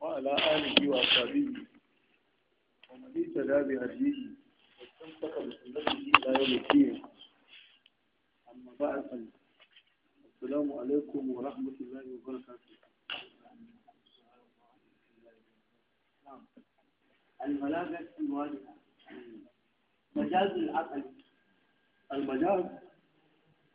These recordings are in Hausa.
وعلى آله وأصحابه ومن اهتدى بهديه واستمسك بسنته إلى يوم الدين أما بعد السلام عليكم ورحمة الله وبركاته نعم. الملاذ الواجهة مجاز العقل المجاز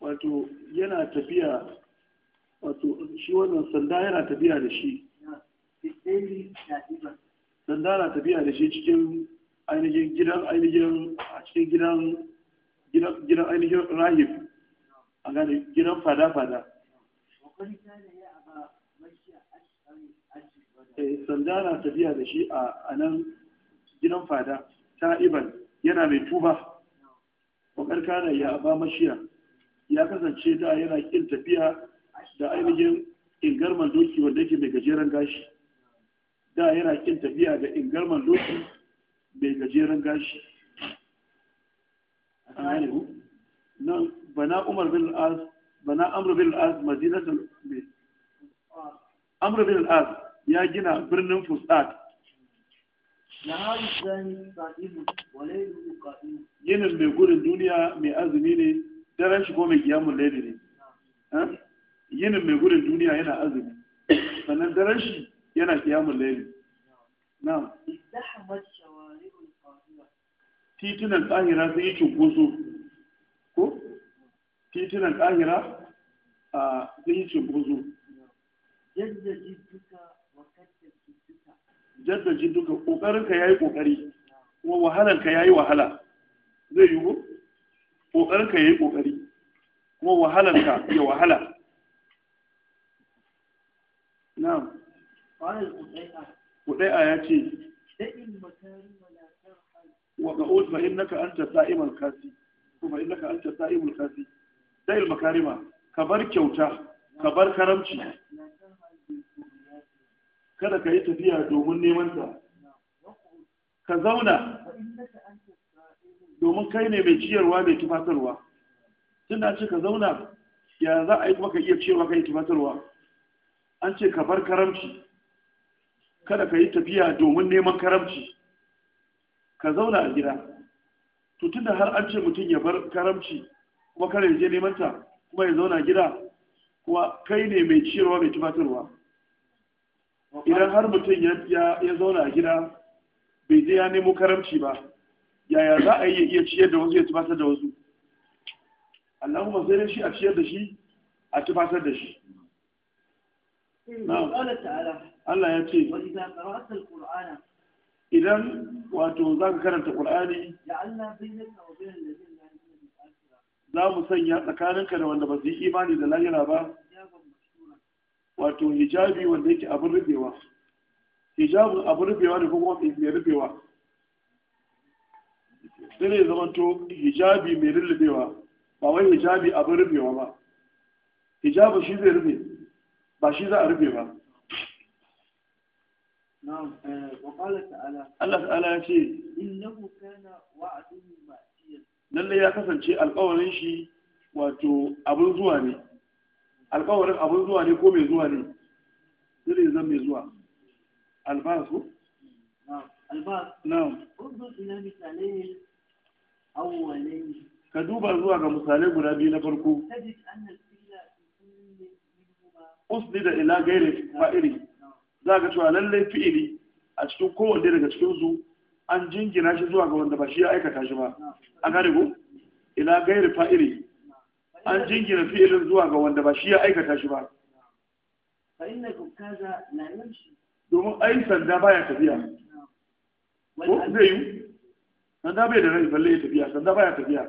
wato yana tafiya wato shi wannan sanda yana tafiya da shi sanda na tafiya da shi cikin ainihin gidan ainihin a cikin gidan gidan ainihin rahib a gane gidan fada-fada eh, sanda na tafiya da shi a nan gidan fada ta iban yana mai tuba wakar kana ya ba mashiya ya kasance da yana kin tafiya da ainihin ingarman doki wanda yake mai gajeren gashi da yana kin tafiya da ingarman doki mai gajeren gashi nan bana umar bin al'az bana amr bin al'az madinatul amr bin al'az ya gina birnin fustat Ginin mai gurin duniya mai azumi ne daren shigo mai kiyamun laili ne yinin mai gudun duniya yana azumi sannan daren shi yana kiyamun laili na titunan kahira sai yi cunkoso ko titunan kahira a sai yi cunkoso jaddajin duka ƙoƙarinka ya yi ƙoƙari kuma wahalanka ya yi wahala zai yiwu ƙoƙarinka ya yi ƙoƙari kuma wahalarka ya wahala na'am ƙudai'a ya ce wa ga'ud fa innaka anta sa'imul kasi kuma innaka anta makarima ka bar kyauta ka bar karamci kada ka yi tafiya domin neman ta ka zauna domin kai ne mai ciyarwa mai tufatarwa tun ce ka zauna ya za a yi kuma ka iya cewa ka yi tufatarwa an ce ka bar karamci kada ka yi tafiya domin neman karamci ka zauna a gida to tun da har an ce mutum ya bar karamci kuma kare ya je neman ta kuma ya zauna gida kuma kai ne mai ciyarwa mai tufatarwa idan har mutum ya zauna a gida bai je ya nemo karamci ba yaya za a yi iya ciyar da wasu ya tufasar da wasu allahumma sai dai shi a ciyar da shi a tufasar da shi hmm, Allah ya ce idan wato za ka karanta ƙul'ani za mu sanya tsakaninka da wanda ba su yi imani da lahira ba wato hijabi wanda yake abin rufewa hijabin abin rufewa ne kuma mai rufewa sai zai zama to hijabi mai rullubewa ba wai hijabi abin rubewa ba hijabi shi zai rube ba shi za a rube ba eh, Allah ta'ala ya ce lallai ya kasance alkawarin shi wato abin zuwa ne alkawarin abin zuwa ne ko mai zuwa ne zai zan mai zuwa albasu? na'am albasu na'am ka duba zuwa ga misalai guda biyu na farko usni da ila gairi fa'ili za ka cewa lallai fi'ili a cikin kowanne daga cikin su an jingina shi zuwa ga wanda ba shi ya aikata shi ba an gane ko ila gairi fa'ili an jingina fi'ilin zuwa ga wanda ba shi ya aikata shi ba domin ai sanda baya tafiya ko zai yi sanda bai da rai balle ya tafiya sanda baya tafiya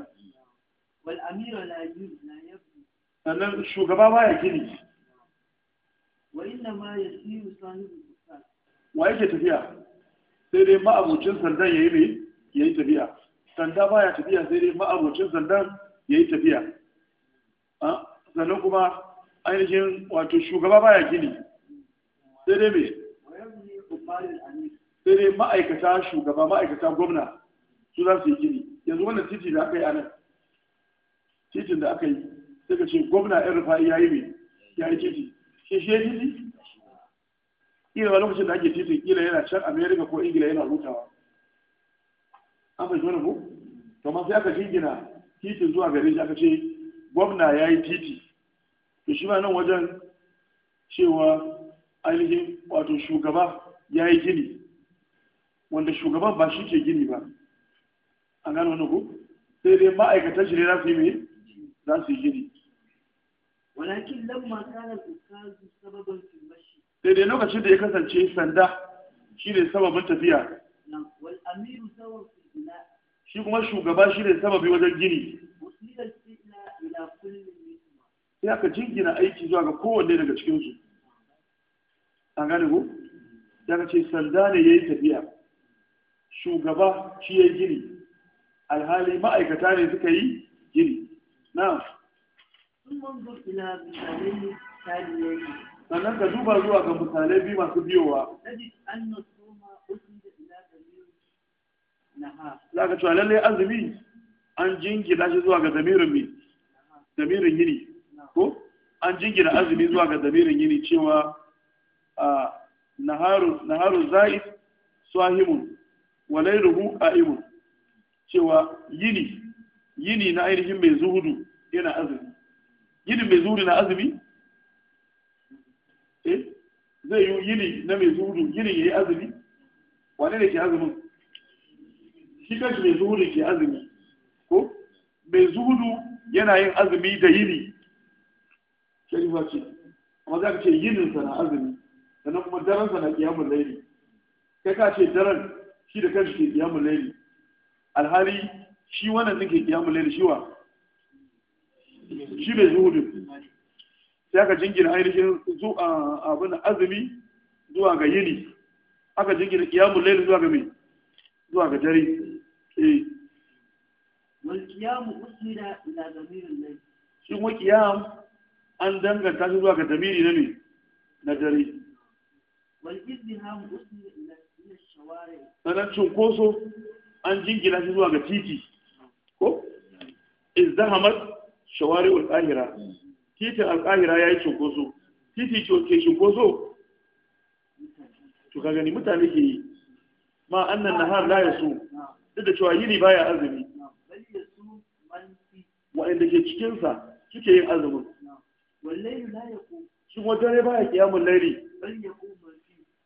wal amira la yabni sannan shugaba baya gini wa inna ma yasiru sahibu wa yake tafiya sai dai ma'abocin sandan yayi ne yayi tafiya sanda baya tafiya sai dai ma'abocin sandan yayi tafiya a ah, sannan kuma ainihin wato shugaba baya gini sai dai me sai dai ma'aikata shugaba ma'aikata gwamna su za su yi gini yanzu wannan titi da aka yi anan titin da aka yi sai ka ce gwamna yan rufa'i ya yi mai ya yi titi shi shi ya titi ina ba lokacin da ake titin ina yana can america ko ingila yana hutawa an fahimci wani ko to ma sai aka jingina titin zuwa gare shi aka ce gwamna ya yi titi to shi ma nan wajen cewa ainihin wato shugaba ya yi gini wanda shugaban ba shi ke gini ba an gano wani ku sai dai ma'aikatan shi ne za su yi mai za su yi gini walakin lamma kana zukazu sababan filmashi sai dai lokacin da ya kasance sanda shi ne sababin tafiya wal shi kuma shugaba shi ne sababi wajen gini sai aka jingina aiki zuwa ga kowanne daga cikinsu an gane ku ya ce sanda ne ya yi tafiya shugaba shi ya yi gini alhali ma'aikata ne suka yi gini na sannan ka duba zuwa ga misalai biyu masu biyowa za ka cewa lallai azumi an jingina shi zuwa ga zamirin mi, zamirin yini ko an jingina azumi zuwa ga zamirin yini cewa naharu za'id swahimun a imun. cewa yini yini na ainihin mai zuhudu yana azumi yini mai zuhudu na azumi eh zai yi yini na mai zuhudu yini yayi azumi wane ne ke azumin shi kanshi mai zuhudu ke azumi ko mai zuhudu yana yin azumi da yini sharifa ce amma za ka ce yininsa na azumi sannan kuma daransa na kiyamun laili kai ka ce daren shi da kanshi ke kiyamun laili alhali shi wannan din ke kiyamun laili shi wa shi bai zuhudin sai aka jingina ainihin abin azumi zuwa ga yini aka jingina kiyamun laili zuwa ga mai zuwa ga dare eh wal qiyamu usnida ila zamirin layl shi an danganta shi zuwa ga damiri na ne na dare wal izdiham usnida ila shawari sanan an jingina shi zuwa ga titi ko izdahamat shawari al-qahira titin al-qahira yayi cinkoso titi ce ke cinkoso to ka gani mutane ke yi ma annan nahar la yasu duk da cewa yini baya azumi inda ke cikin sa kike yin azumin wallahi la yaqum shi wata ne baya qiyamul layli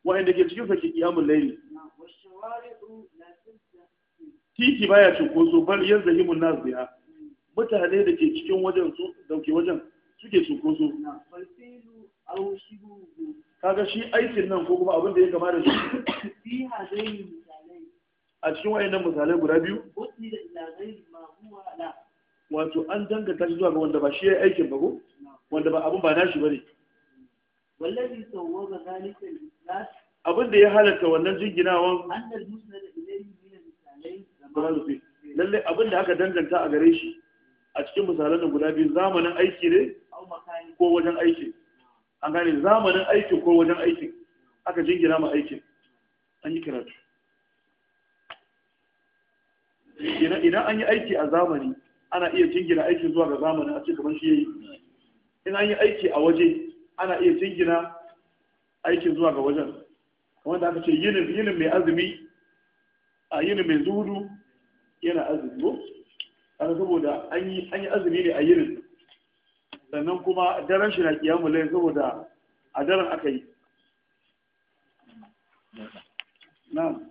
wa'anda ke cikin sa ke qiyamul layli titi baya cunkoso bal yanzu himun na biha mutane da ke cikin wajen su dauke wajen suke cunkoso kaga shi aikin nan ko kuma abin da ya gama da shi a cikin nan misalai guda biyu wato an danganta shi zuwa ga wanda ba shi ya aikin ba ko wanda ba abin ba nashi ba ne? sawwaga abin da ya halatta wannan jinginawan tahallufi lalle abin da aka danganta a gare shi a cikin misalan guda biyu zamanin aiki ne ko wajen aiki an gane zamanin aiki ko wajen aiki aka jingina ma aikin an yi karatu idan an yi aiki a zamani ana iya jingina aiki zuwa ga zamani a cikin shi yayi in an yi aiki a waje ana iya jingina aikin zuwa ga wajen wanda aka ce yinin yinin mai azumi a yinin mai zuhudu yana azumi ko an saboda an yi azumi ne a yirin sannan kuma daren shi na kiyamu lai saboda a daren aka yi na'am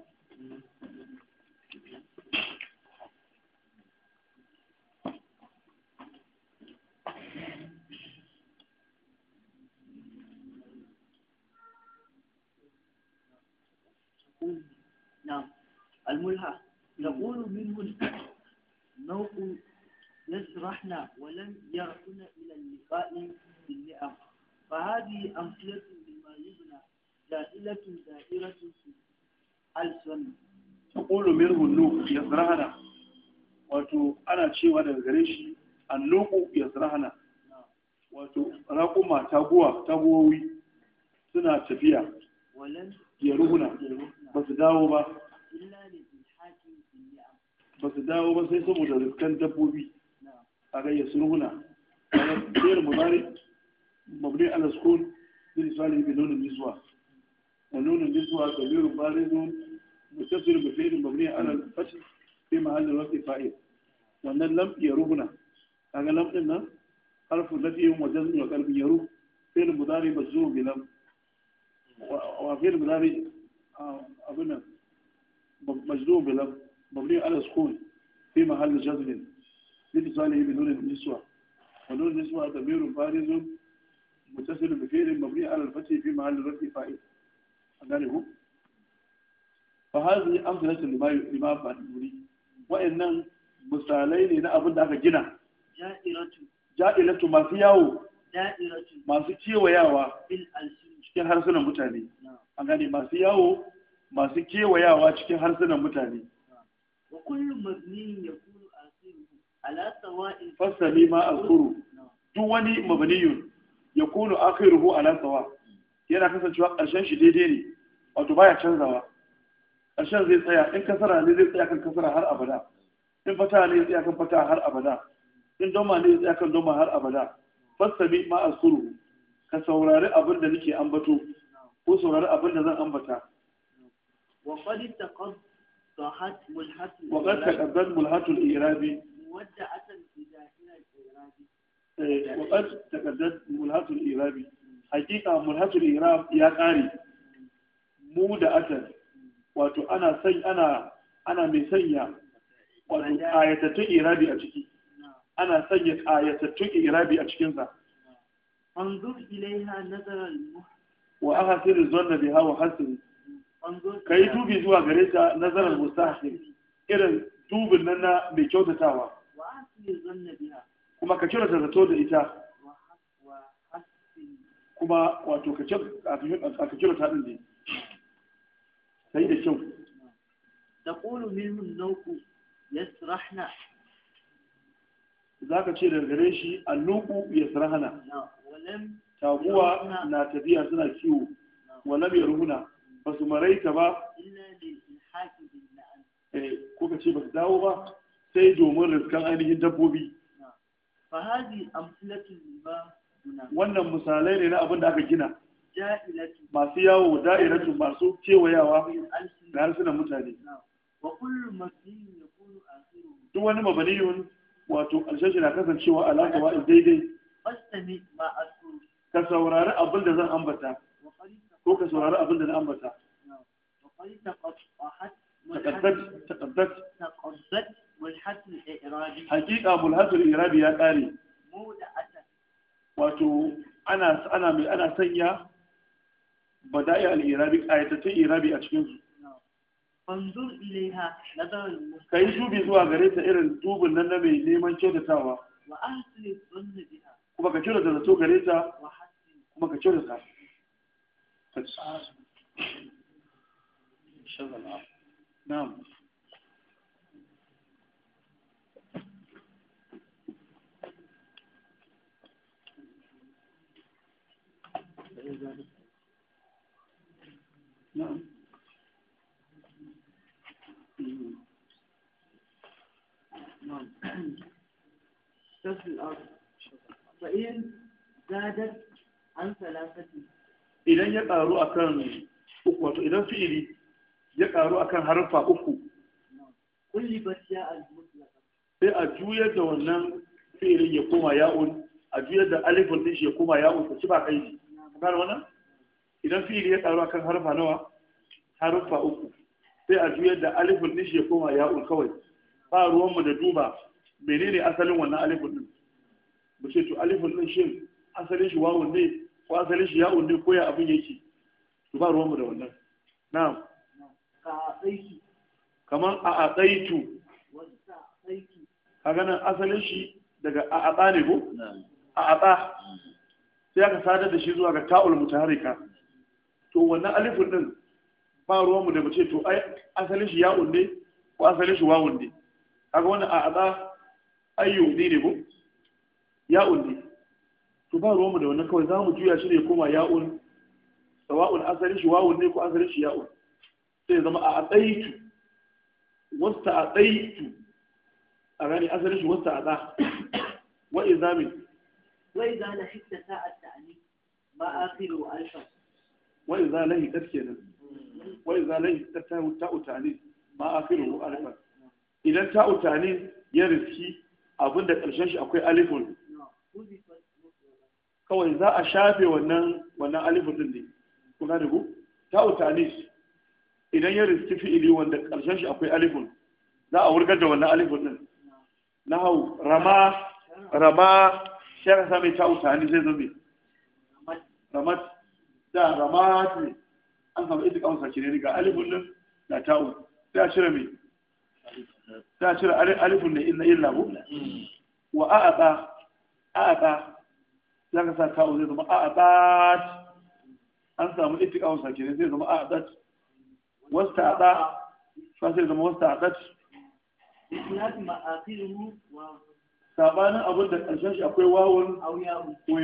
نعم الملهى يقول منهن نوع يسرحن ولم يرحن إلى اللقاء بالنعم فهذه أمثلة لما يبنى دائلة دائرة في السنة تقول منهن نوع يسرحن wato ana cewa daga gare shi annuku yasrahna wato raƙuma taguwa taguwowi suna tafiya ya ruhuna dawo ba ba su dawo ba sai saboda rifkan dabbobi a ga yasruna غير مضارع مبني على السكون بالنسبه بنون النسوة ونون النسوة ضمير بارز متصل بفعل مبني على الفتح في محل الوقت فاعل وان لم يروهنا هذا لم ان حرف التي هو وجزم وقلب يروه في مضارع مجزوم بلم وفعل مضارع أبنا مجزوم بلم مبني على السكون في محل جزم لاتصاله بنون النسوة ونون النسوة ضمير بارز متصل بفعل مبني على الفتح في محل رفع فائد أغانيه فهذه أمثلة لما لما بنوري وإن misalai ne na abin da aka gina ja'ilatu ما yawo masu kewayawa cikin harsunan mutane an gane masu yawo masu kewayawa cikin harsunan mutane wa kullu mabniyin yakunu akhiruhu ala sawa'in fasali ma akhiru duk wani mabniyun yakunu akhiruhu ala sawa yana kasancewa ƙarshen shi daidai ne wato baya canzawa ƙarshen zai tsaya in kasara ne zai tsaya kan kasara har abada in fata ne zai tsaya kan fata har abada in doma ne zai tsaya kan doma har abada fasali ma akhiruhu ka saurari abin da nake ambato ko saurari abin da zan ambata wa qad taqaddama صحت ملحة وقد تقدم ملحة الإعرابي مودعة إلى إعرابي وقد تقدم ملحة wato ana sai ana ana a ciki ana sanya ayatattun irabi a cikin sa ka yi dubi zuwa gare ta nazarar mustahsin irin dubin nan na mai kyautatawa kuma ka ta zato da ita kuma wato ka ta din ne sai da kyau taqulu minhum nauku yasrahna ka ce da gare shi annuku yasrahna taguwa na tafiya suna kiwo walam yarhuna ba su maraita ba kuka eh, ce ba su dawo ba sai domin riskan ainihin dabbobi wannan misalai ne na abin da aka gina masu yawo da'iratu masu kewayawa da harsunan mutane duk wani mabaniyun wato ƙarshen shi na kasancewa alaƙa wa'in daidai ka saurari abin da zan ambata ko ka saurari abin da na ambata تقدت تقدت ملحد الإعرابي حقيقة ملحد الإعرابي يا قاري wato ana ana mai ana sanya bada'i al-irabi ayatatun irabi a cikin su fanzur ilaiha dubi zuwa gare irin dubin na mai neman kuma ka kuma ka شغل نعم نعم نعم تسل الأرض فإن زادت عن ثلاثة idan ya karu akan uku wato idan fi'ili ya karu kan harfa uku sai a juyar da wannan fi'ilin ya koma ya'un a juyar da alifun din shi ya koma ya'un ta ci ba kai ne wannan idan fi'ili ya karu akan harfa nawa harfa uku sai a juyar da alifun din shi ya koma ya'un kawai ba ruwan mu da duba menene asalin wannan alifun ɗin mu ce to alifun din shin asalin shi wawun ne ko asali shi ya unni ko ya abin yake to ba ruwanmu da wannan na'am kamar a atsaitu a nan asalin shi daga a atsa ne ko a atsa sai aka sadar da shi zuwa ga ta'ul mutaharika to wannan alifin din ba ruwanmu da mace to asalin shi ya unne ko asalin shi wawun ne kaga wannan a atsa ayyu ne ne ko ya unne to ba ruwanmu da wannan kawai za mu juya shi ne koma ya'un sawa'un asali shi wawun ne ko asali shi ya'un sai zama a atsaitu wasta a tsaitu a gani asali shi wasta a tsa wa izamin wa za hikta sa'ad da ali ba a wa alfa wa izana hikta kenan wa izana hikta ta'u ta'ani ma a wa alfa idan ta'u ta'ani ya riski abinda karshen shi akwai alifun kawai za a shafe wannan wannan alifu din ne kuna da ku ta utanis idan ya riski fi'ili wanda karshen shi akwai alifun za a wurgar da wannan alifun din hau rama rama shi ka same ta utanis zai zame ramat da ramat ne an samu ita kawai sake ne ga alifun din na ta'u sai ta cire mai ta cire alifun ne illa labu. Hmm. wa a'ata a'ata za ka sa kawo zai zama a'adat an samu itika wasa kenan zai zama a'adat wasu ta ta'ada fa sai zama wasu ta ta'adat sabanin abin da ƙarshen shi akwai wawon ko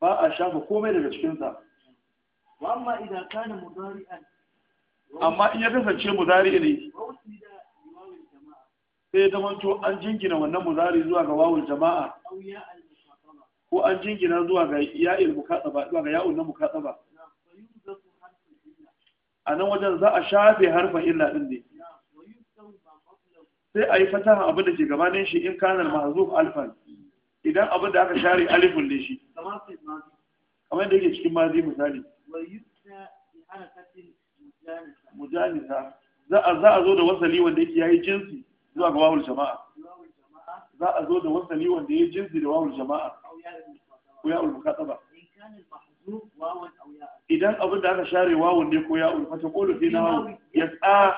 ba a shafa komai daga cikinsa amma in ya kasance mudari ne sai zamanto an jingina wannan muzari zuwa ga wawul jama'a ko an jingina zuwa ga ya'il mukatsaba zuwa ga ya'ul mukatsaba a nan wajen za a shafe harfin illa din ne sai a yi fataha abin da ke gabanin shi in kana mahzuf alfan idan abin da aka share alifun ne shi kamar yadda yake cikin mazi misali mujanisa za a zo da wasali wanda yake yayi jinsi zuwa ga wawul jama'a za a zo da wasali wanda ya jinsi da wawul jama'a ko ya ulmuka ba idan abin da aka share wawun ne ko ya ulfa ta kolo sai na wawun ya tsa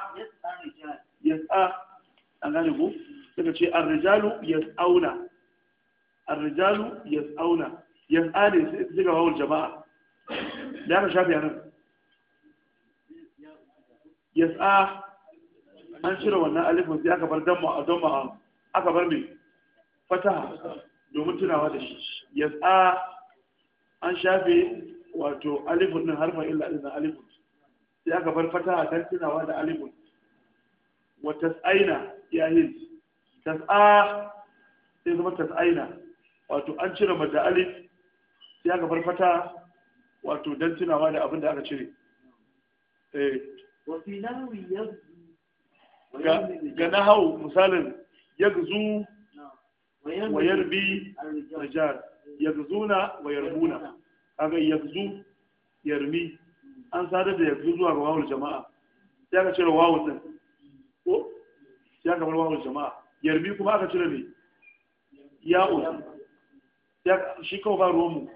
ya tsa an gane ku suka ce arrijalu ya tsauna arrijalu ya tsauna ya tsa ne sai ga wawul jama'a da aka shafe a nan ya tsa an cire wannan alifin sai aka bar damma a damma aka bar mai fataha domin tunawa da shi ya tsa an shafe wato alifin nan harfa illa din alifin sai aka bar fataha don tunawa da alifin wa tas'aina ya yi tas'a sai zama tas'aina wato an cire da alif sai aka bar fataha wato don tunawa da abin da aka cire eh wa fi nawi ga na hau misalin Yagzu wa yarbi rijar Yagzuna wa yarbuna kaga yagzu yarmi an sadar da yagzu zuwa ga wawul jama'a sai aka cire wawul din ko sai aka bar wawul jama'a yarmi kuma aka cire ne ya'ul shi ko ba romu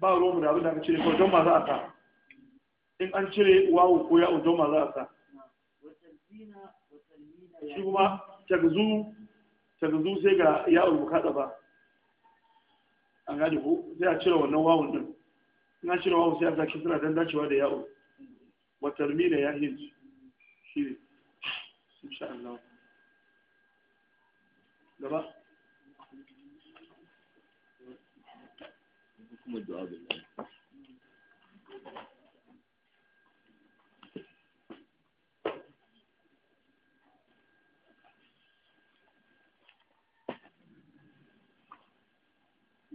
ba romu da abin da aka cire ko don ma za a sa in an cire wawu ko ya'ul don ma za a sa shi kuma tagzu sai ga ya'ul ba an gane ko sai a cire wannan wawun din na cire wawun sai a zaki suna dan dacewa da ya'ul wa tarmina ya hin shi ne insha Allah gaba kuma du'a billahi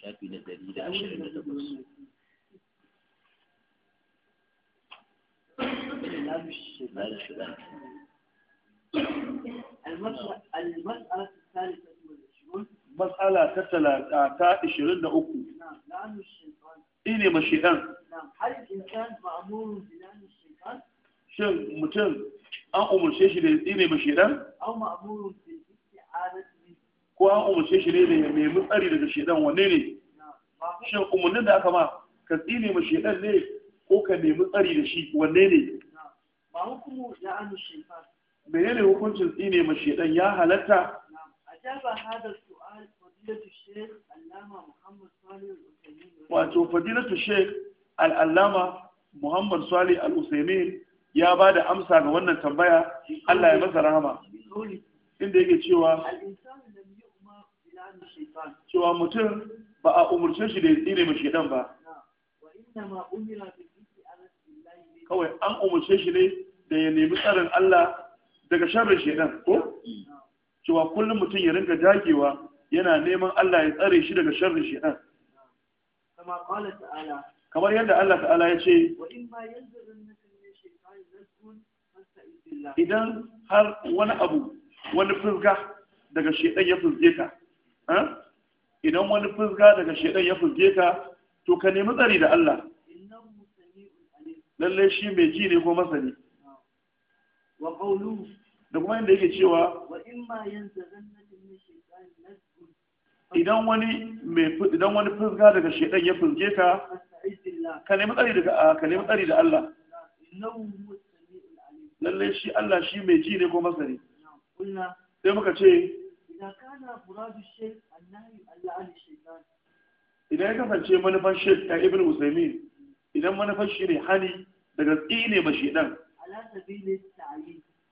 shafi na ɗari da ashirin da takwas مسألة تتلاتة عشرين أكو نعم، إني مشيئان نعم، هل الإنسان مأمور بلان الشيطان؟ شن متن أن أمر شيء مشيئان؟ أو مأمور بالاستعادة ko an umarce shi ne mai mutsari daga shaidan wanne ne shin umarnin da aka ma ka tsine ma shaidan ne ko ka nemi tsari da shi wanne ne ba hukumu da an menene hukuncin tsine ma shaidan ya halatta jaba hada su'al fadilatu shaykh allama muhammad salih al wato fadilatu muhammad salih ya ba da amsa ga wannan tambaya Allah ya masa rahama inda yake cewa cewa mutum ba a umarce shi da tsire mai shedan ba kawai an umarce shi ne da ya nemi tsarin Allah daga sharrin shedan ko cewa kullum mutum ya ringa dagewa yana neman Allah ya tsare shi daga sharrin shedan kamar yadda Allah ta'ala ya ce idan har wani abu wani fuzga daga shedan ya fuzge ka eh, idan wani fusga daga shaidan ya fuske ka to ka nemi tsari da Allah lalle shi mai ji ne ko masani wa qawlu da kuma inda yake cewa wa imma yanzaghannaka min shaytanin nazghun idan wani mai idan wani fusga daga shedan ya fuske ka ka nemi tsari da ka nemi tsari da Allah lalle shi Allah shi mai ji ne ko masani sai muka ce idan ya kasance manufan shek ta ibn usaimin idan manufan shi ne hani daga tsine ma shedan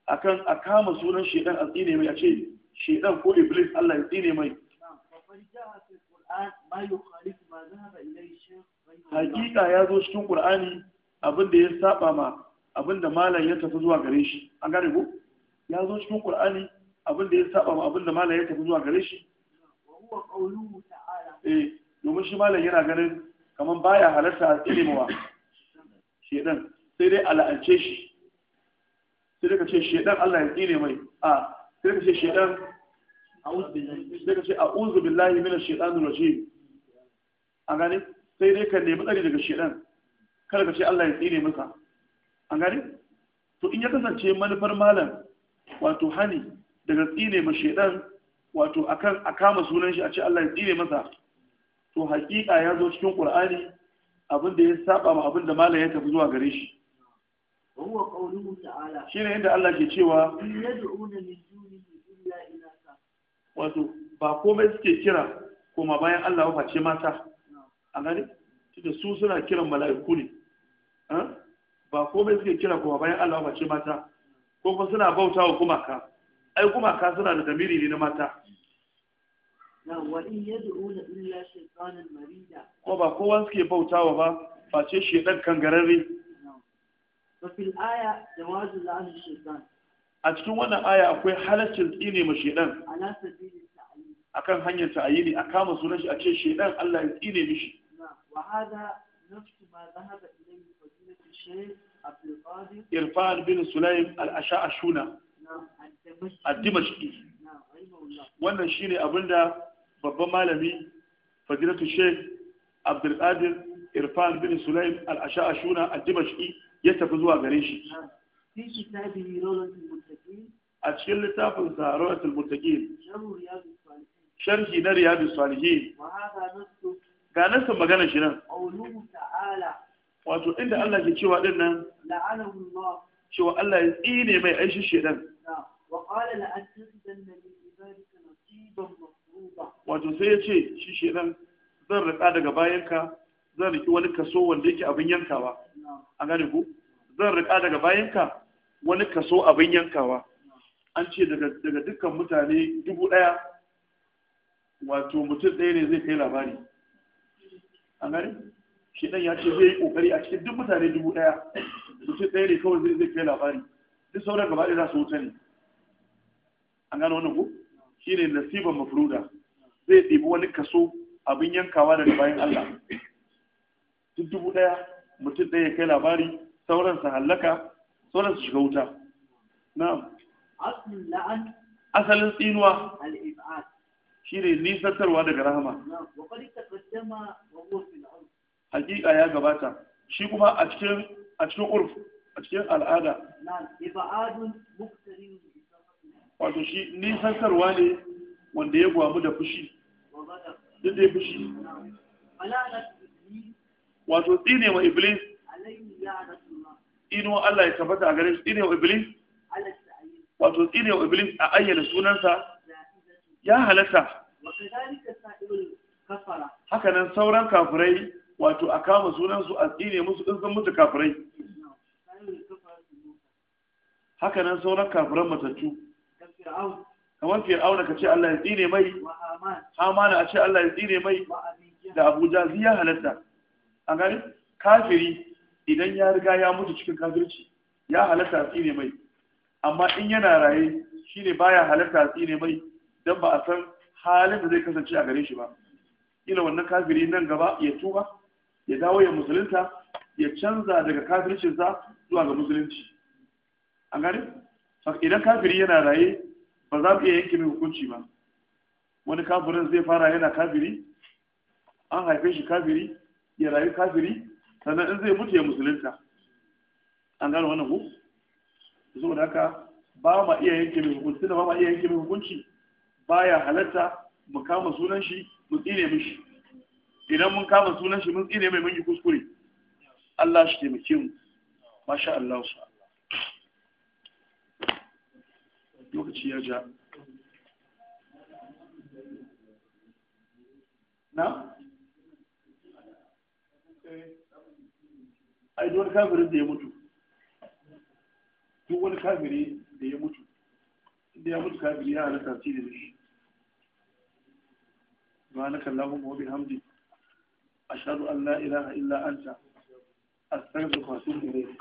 akan a kama sunan shedan a tsine mai a ce shedan ko iblis Allah ya tsine mai hakika ya zo cikin qur'ani abinda ya saba ma abinda malam ya tafi zuwa gare shi an gane ko ya zo cikin qur'ani abin da ya saba ma abin da malam ya tafi zuwa gare shi eh domin shi malam yana ganin kaman baya halarta ilimawa shedan sai dai ala'ance shi sai daga ce shedan Allah ya tsine mai a sai daga ce shedan sai ka ce a a'udhu billahi minash shaitanir rajim a gani sai dai ka nemi tsari daga shedan kada ka ce Allah ya tsine maka A gani to in ya kasance manufar malam wato hani daga tsine ma shedan wato akan a kama sunan shi a ce Allah ya tsine masa to hakika ya zo cikin Qur'ani abin da ya saba ma abin da malam ya tafi zuwa gare shi huwa qawluhu ta'ala shine inda Allah ke cewa yad'una min dunihi illa inasa wato ba komai suke kira koma bayan Allah ba ce mata a gani da su suna kiran mala'iku ne ba komai suke kira koma bayan Allah ba face mata ko kuma suna bautawa kuma ka ai kuma ka suna da tamiri ne na mata ko ba kowa suke bautawa ba face shedan gararri a cikin wannan aya akwai halaccin tsine ma shedan akan hanyar ta'ayini a kama suna shi a ce shedan Allah ya tsine mishi irfan bin sulaim al shuna. ad-dimashqi wannan ne abinda babban malami fadilatu sheikh abdul irfan bin sulaim al-ash'ashuna ad-dimashqi ya tafi zuwa gare shi a cikin littafin sa rawatul muttaqin sharhi na Riyadu salihin ga nasa magana shi nan wato inda Allah ke cewa din nan cewa Allah ya tsine mai aishi shedan wato sai ya ce shi shedan zan rika daga bayanka zan riki wani kaso wanda yake abin yankawa an gane ku zan rika daga bayanka wani kaso abin yankawa an ce daga dukkan mutane dubu ɗaya wato mutum ɗaya ne zai kai labari an gane shedan ya ce zai yi kokari a cikin duk mutane dubu ɗaya mutum ɗaya ne kawai zai kai labari duk sauran gaba ɗaya za su wuce ne an gano wannan ku shi ne nasiban mafruda zai ɗebi wani kaso abin yankawa daga bayan Allah duk dubu ɗaya mutum ɗaya ya kai labari sauran su hallaka sauran su shiga wuta na'am asalin tsinuwa shi ne nisantarwa daga rahama hakika ya gabata shi kuma a cikin urf a cikin al'ada wato shi nisantarwa ne wanda ya gwamu da fushi duk da ya fushi wato tsine wa iblis inuwa Allah ya tabbata a gare shi tsine wa iblis wato tsine wa iblis a ayyana sunansa ya halatta haka nan sauran kafirai wato a kama sunansu a tsine musu ɗin sun mutu kafirai haka nan sauran kafiran matattu kamar auna ka ce Allah ya tsine mai hamana a ce Allah ya tsine mai da abuja ya halatta a gani kafiri idan ya riga ya mutu cikin kafirci ya halatta a tsine mai amma in yana raye shine baya halatta a tsine mai don ba a san halin da zai kasance a gare shi ba Ina wannan kafiri nan gaba ya tuba ya dawo ya musulunta ya canza daga kafircinsa zuwa ga musulunci an gane idan kafiri yana raye ba za mu iya yanke mai hukunci ba wani kafirin zai fara yana kafiri an haife shi kafiri ya rayu kafiri sannan in zai mutu ya musulunta an gane wannan ku saboda haka ba ma iya yanke mai hukunci da ba ma iya yanke mai hukunci baya halatta mu kama sunan shi mu tsine mishi idan mun kama sunan shi mun tsine mai mun yi kuskure Allah shi taimake mu masha Allah su lokaci ya ja na? ai duk wani kafirin da ya mutu duk wani kafiri da ya mutu inda ya mutu kafiri ya halatta ci da shi ba na kalla ma wabi hamdi a shaɗu allah ila ha'ila an ta a tsarin da kwasu da ne yi.